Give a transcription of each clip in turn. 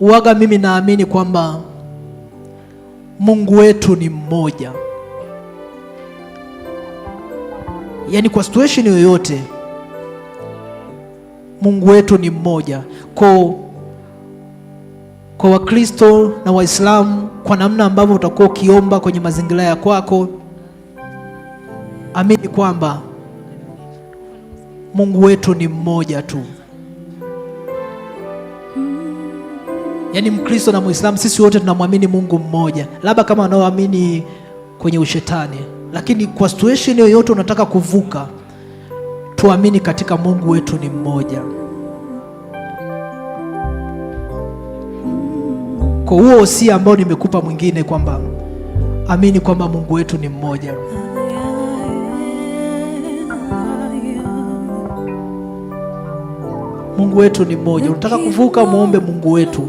Uwaga mimi naamini kwamba Mungu wetu ni mmoja, yaani kwa situation yoyote Mungu wetu ni mmoja. Kwa kwa Wakristo na Waislamu, kwa namna ambavyo utakuwa ukiomba kwenye mazingira ya kwako, amini kwamba Mungu wetu ni mmoja tu. Yaani Mkristo na Muislamu sisi wote tunamwamini Mungu mmoja, labda kama wanaoamini kwenye ushetani, lakini kwa situation yoyote unataka kuvuka, tuamini katika Mungu wetu ni mmoja. Kwa huo wosia ambao nimekupa mwingine, kwamba amini kwamba Mungu wetu ni mmoja. Mungu wetu ni mmoja. Unataka kuvuka, muombe Mungu wetu.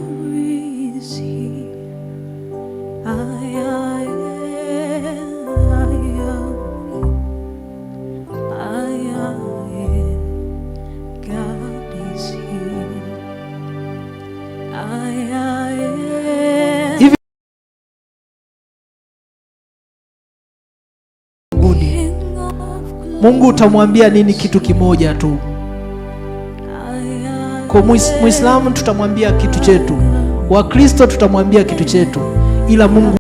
Mungu utamwambia nini? Kitu kimoja tu. Kwa Muislamu tutamwambia kitu chetu, Wakristo tutamwambia kitu chetu, ila Mungu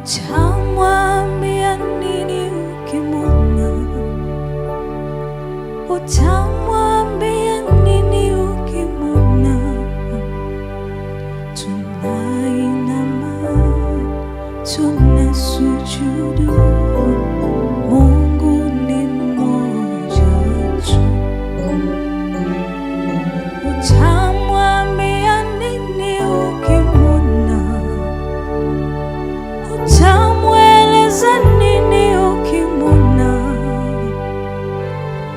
utamwambia nini? Ukimwona utamwambia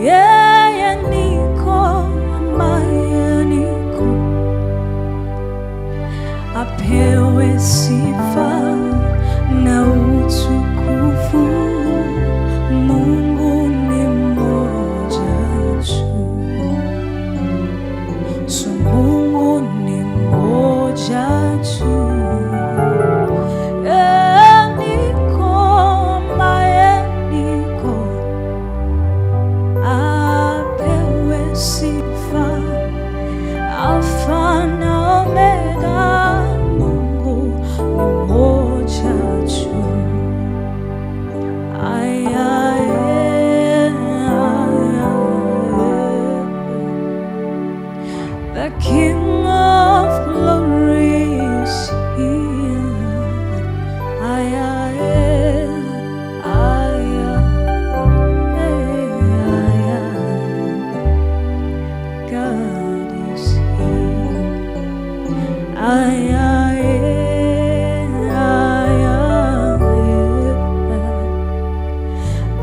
yeye niko ambaye niko, apewe sifa na utukufu.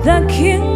the king